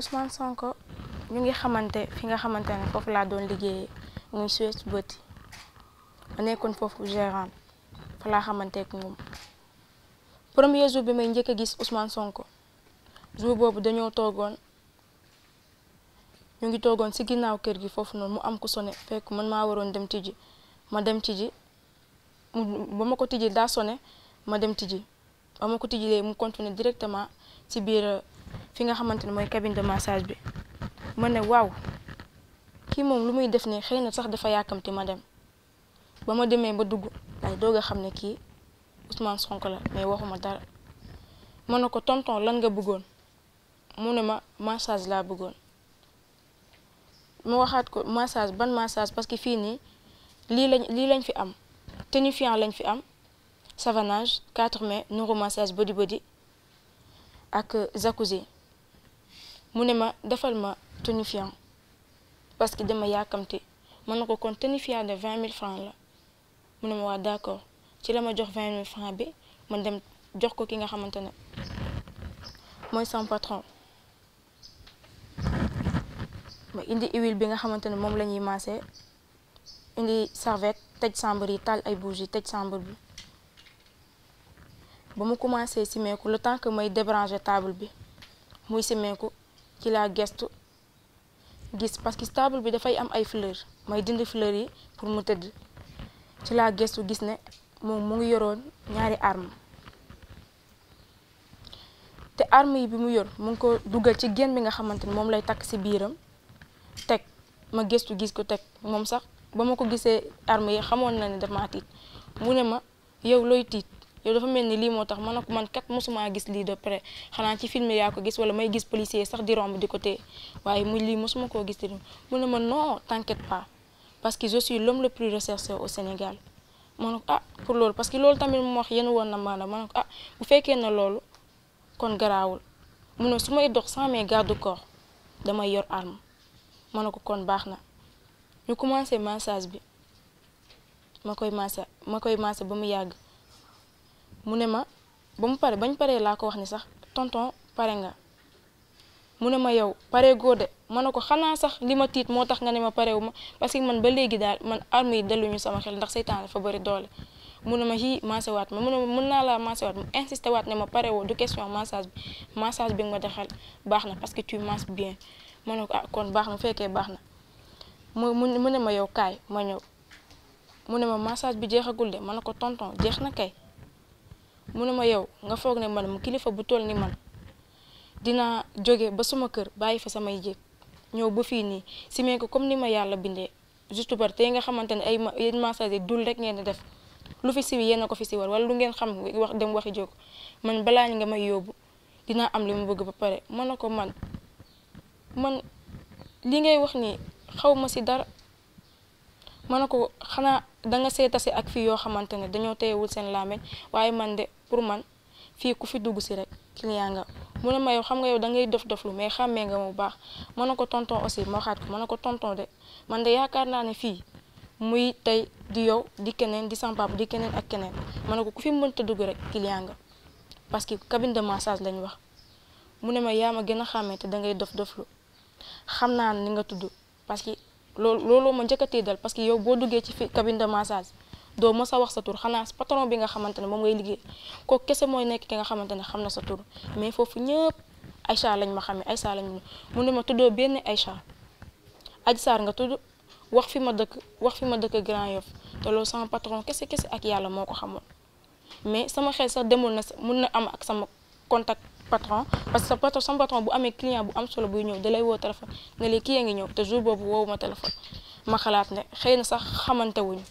Ousmane Sonko ñu ngi xamante fi nga xamante ne foofu laa doon liggéey muy Suez Beauty ma nekkoon foofu gérant fa laa xamanteek moom premier jour bi may njëkk a gis Ousmane Sonko jour boobu dañoo toogoon ñu ngi toogoon si ginnaaw kër gi foofu noonu mu am ku sone fekk man maa waroon dem tijji ma dem tijji ba ma ko tijji daa sone ma dem tijji ba ma ko tijjilee mu continuer directement ci biir fi nga xamante ne mooy cabine de massage bi ma ne waaw kii moom lu muy def nii xëy na sax dafa yàkkamti ma dem ba ma demee ba dugg waaye doog a xam ne kii Ousmane Sonko la mais waxuma dara mën na ko tonton lan nga bëggoon mu ne ma massage laa bëggoon ma waxaat ko massage ban massage parce que fii nii lii lañ lii lañ fi am tonifiant lañ fi am savonnage 4 mai neuro massage body body ak jacuzzi mu ne ma defal ma tonifiant parce que ma yàkkamti mën na ko kon tonifiant de vingt mille francs la mu ne ma waa d'accord ci la ma jox vingt mille francs bi man dem jox ko ki nga xamante ne mooy sama patron ma indi huile bi nga xamante ne moom la ñuy maase indi serviette tëj chambre yi taal ay bougies tëj chambre bi ba mu commencé simeeku le temps que may débrancher table bi muy simeeku ci laa gestu gis parce que table bi dafay am ay fleurs may dindi fleurs yi pour mu tëdd ci laa gestu gis ne moom mu ngi yoroon ñaari arm te arme yi bi mu yor mu ngi ko dugal ci génn bi nga xamante ni moom lay takk ci biiram teg ma gestu gis ko teg moom sax ba ma ko gisee arme yi xamoon na ne dama tiit mu ne ma yow looy tiit yow dafa mel ni lii moo tax man ko man kat mosuma gis lii de près xanaa ci film yaa ko gis wala may gis policier sax di romb di ko waaye mu lii mosuma koo gis di mu ne man non t'inquiète pas parce que je suis l'homme le plus recherché au Sénégal ma ne ah, pour loolu parce que loolu tamit mu yéen woon na maanaam ma ne ko ah bu fekkee na loolu kon garaawul mu ne su may dox sans mes garde corps damay yor arme ma ne ko kon baax na ñu commencé massage bi ma koy massé ma koy massé ba mu yàgg mu ne ma ba mu paree ba ñu paree laa ko wax ni sax tonton pare nga mu ne ma yow pare góor de man ne ko xanaa sax li ma tiit moo tax nga ne ma parewu ma parce que man ba léegi daal man arme yi delluñu sama xel ndax seytaan dafa bëri doole mu ne ma hi maasewaat ma mu ne mën naa laa maasewaat mu insisté waat ne ma pare woo du question bi massage bi nga ma defal baax na parce que tu masses bien ma ne ko ah, kon baax na bu fekkee baax na mu mu ne ma yow kaay ma ñëw mu ne ma massage bi jeexagul de ma ne ko tonton jeex na kay mu ne ma yow nga foog ne man kilifa bu toll ni man dinaa jóge ba suma kër bàyyi fa samay jéeg ñëw ba fii nii simee ko comme ni ma yàlla bindee juste par tey nga xamante ne ay yéen messager dul rek ngeen di def lu fi siw yéen a ko fi siwal wala lu ngeen xam wax dem waxi jóg man balaa nga may yóbbu dina am li mu bëgg ba pare mën na ko man man li ngay wax ni xaw ma si dara mën na ko xanaa danga see si ak fii yoo xamante ne dañoo teyewul seen làmmiñ pour man fii ku fi dugg si rek client nga mu ne ma yow xam nga yow da ngay dof doflu mais xàmmee nga bu baax mën na ko tonton aussi ma waxaat ko mën na ko tonton de man de yaakaar naa ne fii muy tey di yow di keneen di sama di keneen ak keneen mën na ko ku fi mënta dugg rek client nga parce que cabine de massage lañ wax mu ne ma yaa ma gën a xàmmee te da ngay dof doflu xam naa ni nga tudd parce que loolu looloo ma njëkk a tiital parce boo duggee ci fi cabine de massage doo mës a wax sa tur xanaa patron bi nga xamante ne moom ngay liggéey kooku kese mooy nekk ki nga xamante ne xam na sa tur mais foofu ñëpp Aïcha lañ ma xamee Aïcha lañ ma mu ne ma tuddoo benn ay Aïcha Adji Sarr nga tudd wax fi ma dëkk wax fi ma dëkk Grand Yoff te loolu sama patron kese kese ak yàlla moo ko xamoon mais sama xel sax demul na mun na am ak sama contact patron parce que sa patron bu amee client bu am solo buy ñëw dalay woo téléphone ne la a ngi ñëw te jour boobu woowu ma téléphone ma xalaat ne xëy na sax xamante wuñu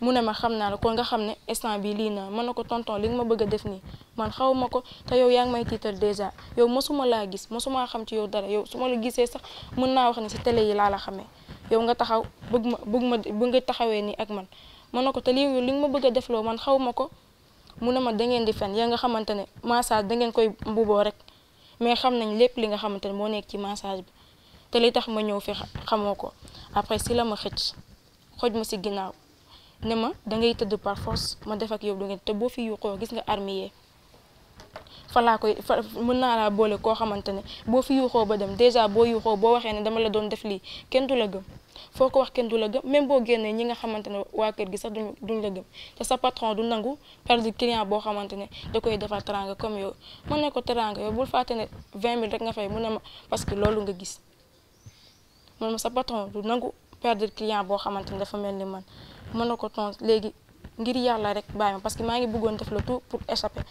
mun ne ma xam naa la ko nga xam ne instant bi lii naa mën na ko tonton li nga ma bëgg a def nii man xaw ma ko te yow yaa ngi may tiital dèjà yow mosuma laa gis mosuma xam ci yow dara yow su ma la gisee sax mën naa wax ne si télé yi laa la xamee yow nga taxaw bëgg ma bëgg ma bëgg nga taxawee nii ak man mën na ko te li li nga ma bëgg a defloo man xaw ma ko mu ne ma dangeen di fen yaa nga xamante ne massage dangeen koy mbuboo rek mais xam nañ lépp li nga xamante ne moo nekk ci massage bi te li tax ma ñëw fi xamoo ko après si la ma xëcc xoj ma si ginnaaw ne ma dangay tëdd par force ma def ak yow du ngeen te boo fi yuuxoo gis nga armée fa laa koy fa mën naa laa boole koo xamante ne boo fi yuuxoo ba dem déjà boo yuuxoo boo waxee ne dama la doon def lii kenn du la gëm foo ko wax kenn du la gëm même boo génnee ñi nga xamante ne waa kër gi sax du duñ la gëm te sa patron du nangu perdre client boo xamante ne da koy defal teranga comme yow mën ne ko teranga yow bul fàtte ne 20 rek nga fay mu ne ma parce que loolu nga gis man ma nangu perdre client boo xamante ne dafa mel ni man mën na ko tons léegi ngir yàlla rek bàyyi ma parce que maa ngi bëggoon def la tout pour échapper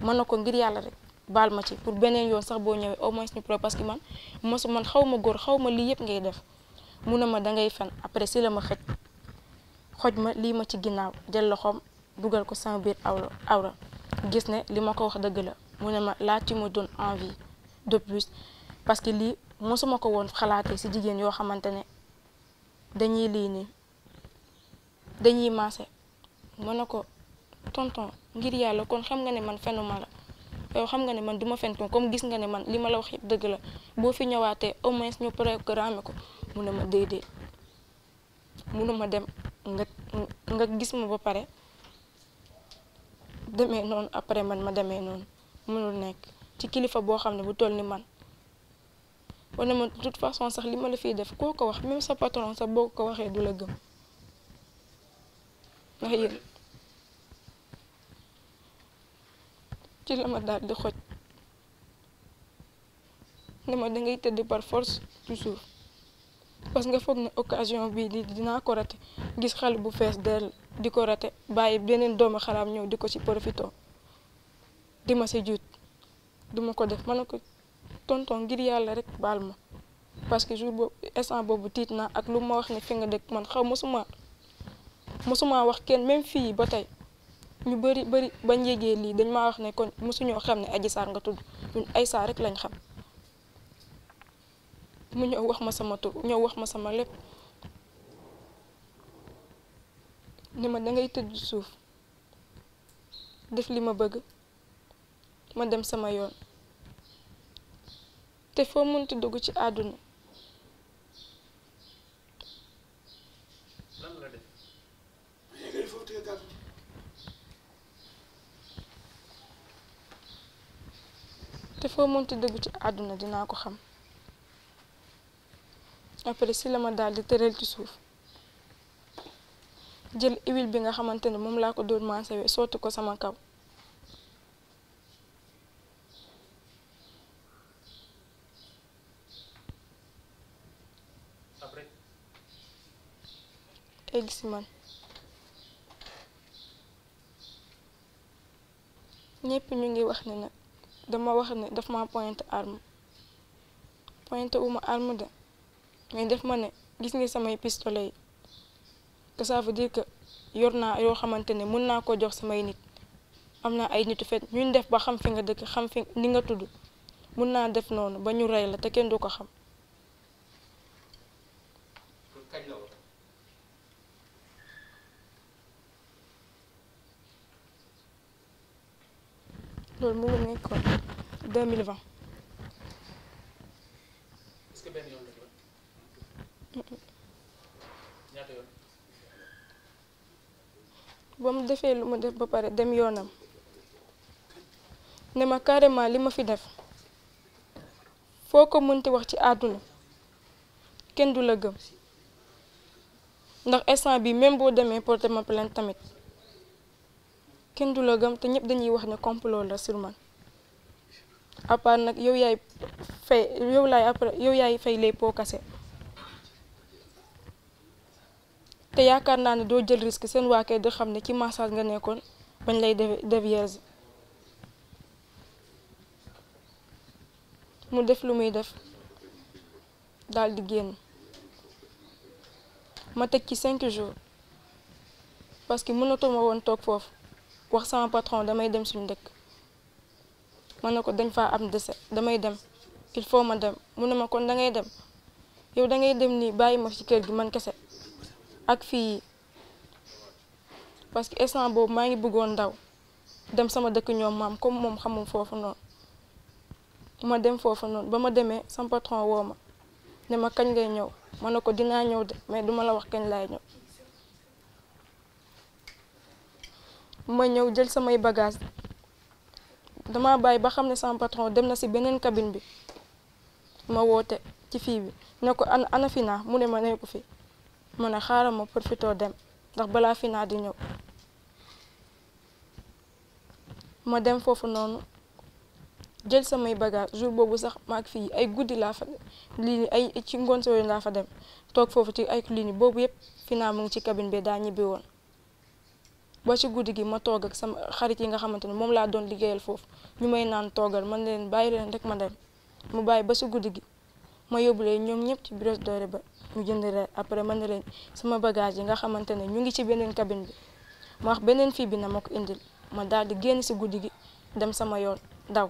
mën na ko ngir yàlla rek baal ma ci pour beneen yoon sax boo ñëwee au moins ñu pro parce que man mosu man xaw ma góor xaw ma yëpp ngay def mu ne ma dangay fen après si la ma xëj xoj ma lii ma ci ginnaaw jël loxoom dugal ko sama biir awra awra gis ne li ma ko wax dëgg la mu ma laa tu me donnes envie de parce que lii mosuma ko woon xalaatee si jigéen yoo xamante ne dañuy lii nii dañuy maase mën na ko tonton ngir yàlla kon xam nga ne man fenuma la yow xam nga ne man duma fen kon comme gis nga ne man li ma la wax yëpp dëgg la boo fi ñëwaatee au moins ñu programme ko mu ne ma déedéet mënuma dem nga nga gis ma ba pare demee noonu après man ma demee noonu mënul nekk ci kilifa boo xam ne bu toll ni man wane ma de toute façon sax li ma la fiy def koo ko wax même sa patron sax boo ko waxee du la gëm tayil ci la ma daal di xoj ne ma dangay tëdd par force du parce que nga foog ne occasion bii di ko rate gis xale bu fees dell di ko rate bàyyi beneen doomu xaraam ñëw di ko ci profito di ma si juut duma ko def ma ne ko tonton ngir yàlla rek baal ma parce que jour boobu instant boobu tiit naa ak lu ma wax ne fi nga dëkk man xaw ma suma mosuma wax kenn même fii ba tey ñu bëri bëri bañ yégee lii dañ ma wax ne kon mosuñoo xam ne Adji Sarr nga tudd ñun ay Sarr rekk lañ xam mu ñëw wax ma sama tur ñëw wax ma sama lépp ni ma dangay tëdd suuf def li ma bëgg ma dem sama yoon te foo mënti dugg ci àdduna te foo mënti dëgg ci àdduna dinaa ko xam après si la ma daal di tëral ci suuf jël huile bi nga xamante ne moom laa ko dóor mansawee sotti ko sama kaw egg si man ñépp ñu ngi wax ne nag dama wax ne daf ma pointe arme pointe uma arme de mais def ma ne gis nga samay pistolet yi que ça veut que yor naa yoo xamante ne mën naa ko jox samay nit am naa ay nitu fet ñuñ def ba xam fi nga dëkk xam fi ni nga tudd mën naa def noonu ba ñu rey la te kenn du ko xam loolu mu ngi nekkoon 2020. est-ce mu defee lu mu def ba pare dem yoonam ne ma carrément li ma fi def foo ko mënti wax ci àdduna kenn du la gëm ndax instant bi même boo demee porté ma plainte tamit. kenn du la gëm te ñëpp dañuy wax ne complot la sur man nag yow yaay fay yow laay après yow yaay fay les pots cassés te yaakaar naa ne doo jël risque seen waa kër xam ne ci massage nga nekkoon bañ lay dévierge mu def lu muy def daal di génn ma teg ci cinq jours parce que mënatuma woon toog foofu wax sama patron damay dem suñu dëkk man na ko dañ faa am dese damay dem il faut ma dem mu ne ma kon da ngay dem yow da ngay dem nii bàyyi ma ci kër gi man kese ak fii parce que instant boobu maa ngi bëggoon ndaw dem sama dëkk ñoom maam comme moom xamum foofu noonu ma dem foofu noonu ba ma demee sama patron woo ma ne ma kañ ngay ñëw ma ne ko dinaa ñëw de mais duma la wax kañ laay ñëw ma ñëw jël samay bagaas dama bàyyi ba xam ne sama patron dem na si beneen cabine bi ma woote ci fii bi ne ko ana ana Fina mu ne ma nekku fi ma ne xaaral ma profitoo dem ndax balaa Fina di ñëw ma dem foofu noonu jël samay bagage jour boobu sax maak fii ay guddi laa fa lii ay ci ngoon sooy laa fa dem toog foofu ci ay clinique boobu yëpp Fina mu ngi ci cabine bi daa ñibbi woon ba ci guddi gi ma toog ak sama xarit yi nga xamante ne moom laa doon liggéeyal foofu ñu may naan toogal man leen bàyyi leen rek ma dem mu bàyyi ba ci guddi gi ma yóbbu leen ñoom ñëpp ci Brioche Dorée ba ñu jënd rek après man ne leen sama bagage yi nga xamante ne ñu ngi ci beneen cabine bi ma wax beneen fii bi na ma ko indil ma daal di génn ci guddi gi dem sama yoon daw.